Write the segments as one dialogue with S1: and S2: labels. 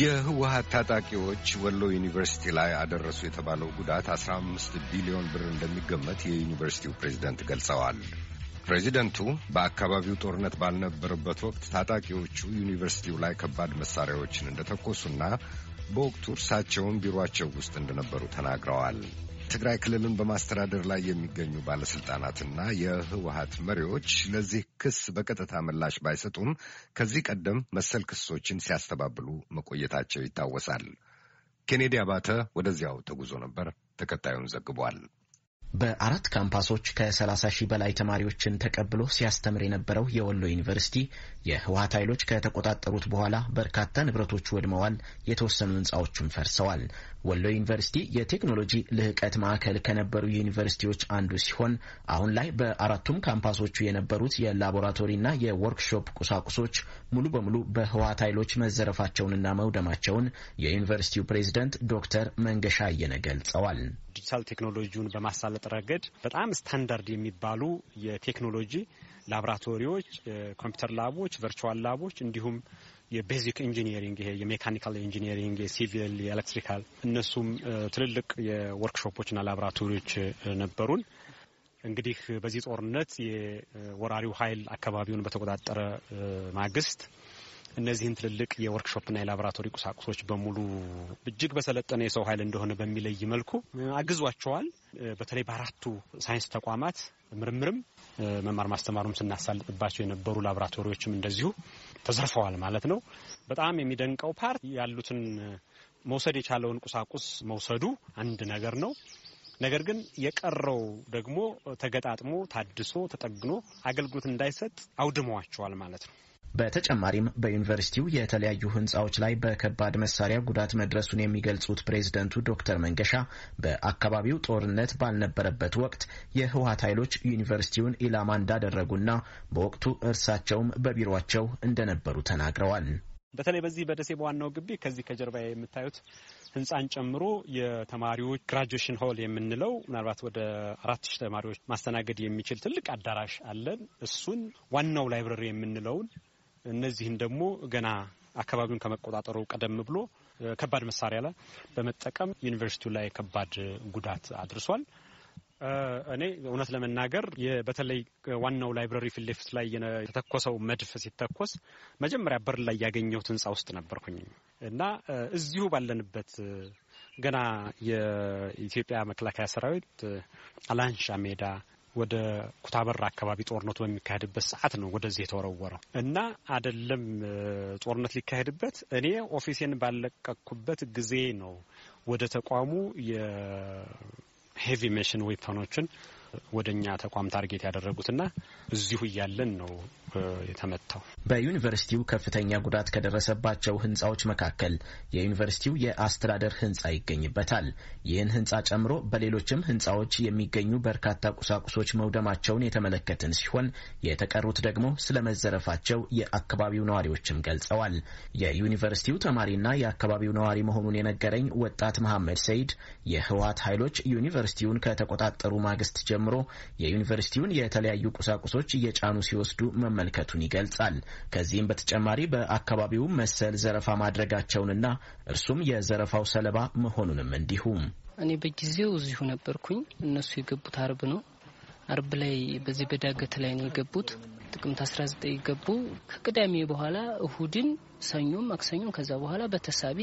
S1: የህወሀት ታጣቂዎች ወሎ ዩኒቨርሲቲ ላይ አደረሱ የተባለው ጉዳት 15 ቢሊዮን ብር እንደሚገመት የዩኒቨርሲቲው ፕሬዚደንት ገልጸዋል። ፕሬዚደንቱ በአካባቢው ጦርነት ባልነበረበት ወቅት ታጣቂዎቹ ዩኒቨርሲቲው ላይ ከባድ መሳሪያዎችን እንደተኮሱና በወቅቱ እርሳቸውን ቢሮአቸው ውስጥ እንደነበሩ ተናግረዋል። ትግራይ ክልልን በማስተዳደር ላይ የሚገኙ ባለስልጣናትና የህወሀት መሪዎች ለዚህ ክስ በቀጥታ ምላሽ ባይሰጡም ከዚህ ቀደም መሰል ክሶችን ሲያስተባብሉ መቆየታቸው ይታወሳል። ኬኔዲ አባተ ወደዚያው ተጉዞ ነበር፣ ተከታዩን ዘግቧል።
S2: በአራት ካምፓሶች ከ30 ሺህ በላይ ተማሪዎችን ተቀብሎ ሲያስተምር የነበረው የወሎ ዩኒቨርሲቲ የህወሀት ኃይሎች ከተቆጣጠሩት በኋላ በርካታ ንብረቶቹ ወድመዋል፣ የተወሰኑ ህንፃዎቹም ፈርሰዋል። ወሎ ዩኒቨርሲቲ የቴክኖሎጂ ልህቀት ማዕከል ከነበሩ ዩኒቨርሲቲዎች አንዱ ሲሆን አሁን ላይ በአራቱም ካምፓሶቹ የነበሩት የላቦራቶሪና የወርክሾፕ ቁሳቁሶች ሙሉ በሙሉ በህወሀት ኃይሎች መዘረፋቸውንና መውደማቸውን የዩኒቨርሲቲው ፕሬዚደንት ዶክተር መንገሻ አየነ ገልጸዋል።
S1: ዲጂታል ቴክኖሎጂውን በማሳለጥ ረገድ በጣም ስታንዳርድ የሚባሉ የቴክኖሎጂ ላብራቶሪዎች፣ ኮምፒውተር ላቦች፣ ቨርቹዋል ላቦች እንዲሁም የቤዚክ ኢንጂኒሪንግ ይሄ የሜካኒካል ኢንጂኒሪንግ፣ የሲቪል፣ የኤሌክትሪካል እነሱም ትልልቅ የወርክሾፖችና ላብራቶሪዎች ነበሩን። እንግዲህ በዚህ ጦርነት የወራሪው ኃይል አካባቢውን በተቆጣጠረ ማግስት እነዚህን ትልልቅ የወርክሾፕና የላቦራቶሪ ቁሳቁሶች በሙሉ እጅግ በሰለጠነ የሰው ኃይል እንደሆነ በሚለይ መልኩ አግዟቸዋል። በተለይ በአራቱ ሳይንስ ተቋማት ምርምርም መማር ማስተማሩም ስናሳልጥባቸው የነበሩ ላቦራቶሪዎችም እንደዚሁ ተዘርፈዋል ማለት ነው። በጣም የሚደንቀው ፓርት ያሉትን መውሰድ የቻለውን ቁሳቁስ መውሰዱ አንድ ነገር ነው። ነገር ግን የቀረው ደግሞ ተገጣጥሞ ታድሶ ተጠግኖ አገልግሎት እንዳይሰጥ አውድመዋቸዋል ማለት ነው።
S2: በተጨማሪም በዩኒቨርሲቲው የተለያዩ ህንፃዎች ላይ በከባድ መሳሪያ ጉዳት መድረሱን የሚገልጹት ፕሬዝደንቱ ዶክተር መንገሻ በአካባቢው ጦርነት ባልነበረበት ወቅት የህወሀት ኃይሎች ዩኒቨርሲቲውን ኢላማ እንዳደረጉና በወቅቱ እርሳቸውም በቢሮቸው እንደነበሩ ተናግረዋል።
S1: በተለይ በዚህ በደሴ በዋናው ግቢ ከዚህ ከጀርባ የምታዩት ህንፃን ጨምሮ የተማሪዎች ግራጁዌሽን ሆል የምንለው ምናልባት ወደ አራት ሺህ ተማሪዎች ማስተናገድ የሚችል ትልቅ አዳራሽ አለን። እሱን ዋናው ላይብረሪ የምንለውን እነዚህን ደግሞ ገና አካባቢውን ከመቆጣጠሩ ቀደም ብሎ ከባድ መሳሪያ ላይ በመጠቀም ዩኒቨርሲቲው ላይ ከባድ ጉዳት አድርሷል። እኔ እውነት ለመናገር በተለይ ዋናው ላይብረሪ ፊት ለፊት ላይ የተተኮሰው መድፍ ሲተኮስ መጀመሪያ በር ላይ ያገኘሁት ህንፃ ውስጥ ነበርኩኝ እና እዚሁ ባለንበት ገና የኢትዮጵያ መከላከያ ሰራዊት አላንሻ ሜዳ ወደ ኩታበር አካባቢ ጦርነቱ በሚካሄድበት ሰዓት ነው ወደዚህ የተወረወረው እና አደለም ጦርነት ሊካሄድበት እኔ ኦፊሴን ባለቀኩበት ጊዜ ነው ወደ ተቋሙ የሄቪ ሜሽን ዌፐኖችን ወደ እኛ ተቋም ታርጌት ያደረጉትና እዚሁ እያለን
S2: ነው የተመታው። በዩኒቨርሲቲው ከፍተኛ ጉዳት ከደረሰባቸው ህንፃዎች መካከል የዩኒቨርሲቲው የአስተዳደር ህንፃ ይገኝበታል። ይህን ህንፃ ጨምሮ በሌሎችም ህንፃዎች የሚገኙ በርካታ ቁሳቁሶች መውደማቸውን የተመለከትን ሲሆን የተቀሩት ደግሞ ስለመዘረፋቸው የአካባቢው ነዋሪዎችም ገልጸዋል። የዩኒቨርሲቲው ተማሪና የአካባቢው ነዋሪ መሆኑን የነገረኝ ወጣት መሐመድ ሰይድ የህወሀት ኃይሎች ዩኒቨርሲቲውን ከተቆጣጠሩ ማግስት ጀ ጀምሮ የዩኒቨርሲቲውን የተለያዩ ቁሳቁሶች እየጫኑ ሲወስዱ መመልከቱን ይገልጻል። ከዚህም በተጨማሪ በአካባቢው መሰል ዘረፋ ማድረጋቸውንና እርሱም የዘረፋው ሰለባ መሆኑንም እንዲሁም
S3: እኔ በጊዜው እዚሁ ነበርኩኝ። እነሱ የገቡት አርብ ነው። አርብ ላይ በዚህ በዳገት ላይ ነው የገቡት። ጥቅምት 19 ገቡ። ከቅዳሜ በኋላ እሁድን፣ ሰኞም፣ ማክሰኞም ከዛ በኋላ በተሳቢ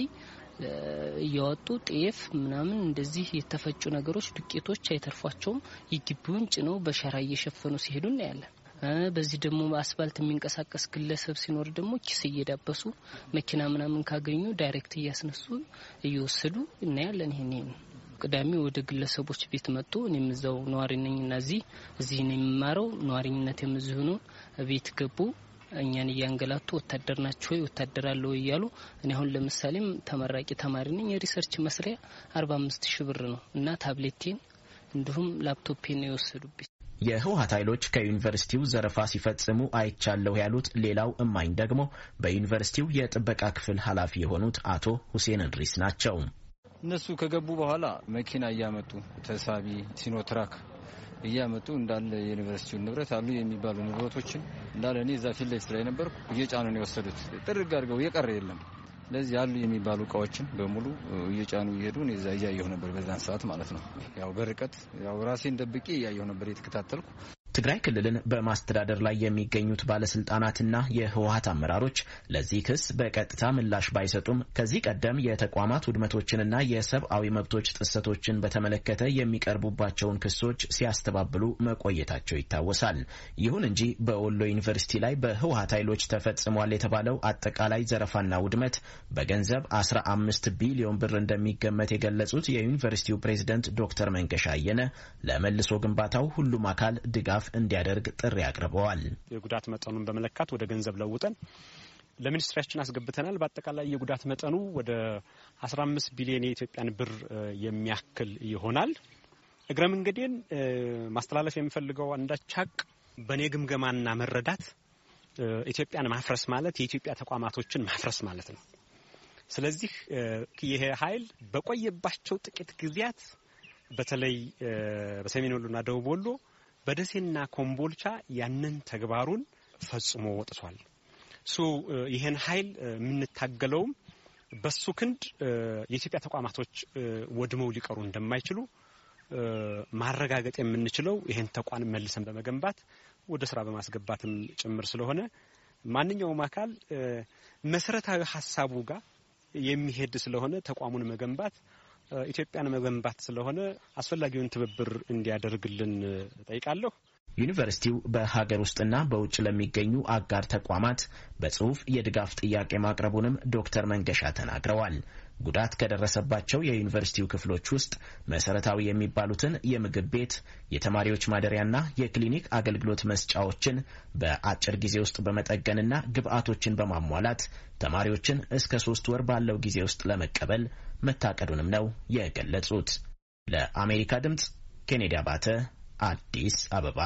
S3: እያወጡ ጤፍ ምናምን እንደዚህ የተፈጩ ነገሮች፣ ዱቄቶች አይተርፏቸውም። የግቢውን ጭነው በሸራ እየሸፈኑ ሲሄዱ እናያለን። በዚህ ደግሞ በአስፋልት የሚንቀሳቀስ ግለሰብ ሲኖር ደግሞ ኪስ እየዳበሱ መኪና ምናምን ካገኙ ዳይሬክት እያስነሱ እየወሰዱ እናያለን። ይሄን ይሄን ቅዳሜ ወደ ግለሰቦች ቤት መጡ። እኔም እዛው ነዋሪ ነኝ እና እዚህ እዚህ ነው የምማረው። ነዋሪነት የምዝሁ ነው። ቤት ገቡ። እኛን እያንገላቱ ወታደር ናቸው ወይ ወታደር አለው እያሉ እኔ አሁን ለምሳሌም ተመራቂ ተማሪ ነኝ። የሪሰርች መስሪያ አርባ አምስት ሺ ብር ነው እና ታብሌቴን እንዲሁም ላፕቶፔን ነው የወሰዱብኝ።
S2: የህወሀት ኃይሎች ከዩኒቨርሲቲው ዘረፋ ሲፈጽሙ አይቻለሁ ያሉት ሌላው እማኝ ደግሞ በዩኒቨርሲቲው የጥበቃ ክፍል ኃላፊ የሆኑት አቶ ሁሴን እንድሪስ ናቸው።
S1: እነሱ ከገቡ በኋላ መኪና እያመጡ ተሳቢ ሲኖትራክ እያመጡ እንዳለ የዩኒቨርሲቲውን ንብረት አሉ የሚባሉ ንብረቶችን እንዳለ እኔ እዛ ፊት ለፊት ላይ ነበርኩ እየጫኑ ነው የወሰዱት። ጥርግ አድርገው እየቀረ የለም። ለዚህ አሉ
S2: የሚባሉ እቃዎችን በሙሉ እየጫኑ እየሄዱ እዛ እያየሁ ነበር፣ በዛን ሰዓት ማለት ነው። ያው በርቀት ያው ራሴን ደብቄ እያየሁ ነበር የተከታተልኩ። ትግራይ ክልልን በማስተዳደር ላይ የሚገኙት ባለስልጣናትና የህወሀት አመራሮች ለዚህ ክስ በቀጥታ ምላሽ ባይሰጡም ከዚህ ቀደም የተቋማት ውድመቶችንና የሰብአዊ መብቶች ጥሰቶችን በተመለከተ የሚቀርቡባቸውን ክሶች ሲያስተባብሉ መቆየታቸው ይታወሳል። ይሁን እንጂ በወሎ ዩኒቨርሲቲ ላይ በህወሀት ኃይሎች ተፈጽሟል የተባለው አጠቃላይ ዘረፋና ውድመት በገንዘብ 15 ቢሊዮን ብር እንደሚገመት የገለጹት የዩኒቨርሲቲው ፕሬዝደንት ዶክተር መንገሻ አየነ ለመልሶ ግንባታው ሁሉም አካል ድጋፍ እንዲያደርግ ጥሪ አቅርበዋል።
S1: የጉዳት መጠኑን በመለካት ወደ ገንዘብ ለውጠን ለሚኒስትሪያችን አስገብተናል። በአጠቃላይ የጉዳት መጠኑ ወደ 15 ቢሊዮን የኢትዮጵያን ብር የሚያክል ይሆናል። እግረ መንገዴን ማስተላለፍ የሚፈልገው አንዳች ሀቅ በእኔ ግምገማና መረዳት ኢትዮጵያን ማፍረስ ማለት የኢትዮጵያ ተቋማቶችን ማፍረስ ማለት ነው። ስለዚህ ይሄ ኃይል በቆየባቸው ጥቂት ጊዜያት በተለይ በሰሜን ወሎና ደቡብ ወሎ በደሴና ኮምቦልቻ ያንን ተግባሩን ፈጽሞ ወጥቷል። እሱ ይህን ኃይል የምንታገለውም በሱ ክንድ የኢትዮጵያ ተቋማቶች ወድመው ሊቀሩ እንደማይችሉ ማረጋገጥ የምንችለው ይህን ተቋም መልሰን በመገንባት ወደ ስራ በማስገባትም ጭምር ስለሆነ ማንኛውም አካል መሰረታዊ ሀሳቡ ጋር የሚሄድ ስለሆነ ተቋሙን መገንባት ኢትዮጵያን መገንባት ስለሆነ አስፈላጊውን
S2: ትብብር እንዲያደርግልን ጠይቃለሁ። ዩኒቨርሲቲው በሀገር ውስጥና በውጭ ለሚገኙ አጋር ተቋማት በጽሁፍ የድጋፍ ጥያቄ ማቅረቡንም ዶክተር መንገሻ ተናግረዋል። ጉዳት ከደረሰባቸው የዩኒቨርሲቲው ክፍሎች ውስጥ መሰረታዊ የሚባሉትን የምግብ ቤት፣ የተማሪዎች ማደሪያና የክሊኒክ አገልግሎት መስጫዎችን በአጭር ጊዜ ውስጥ በመጠገንና ግብዓቶችን በማሟላት ተማሪዎችን እስከ ሶስት ወር ባለው ጊዜ ውስጥ ለመቀበል መታቀዱንም ነው የገለጹት። ለአሜሪካ ድምፅ ኬኔዲ አባተ አዲስ አበባ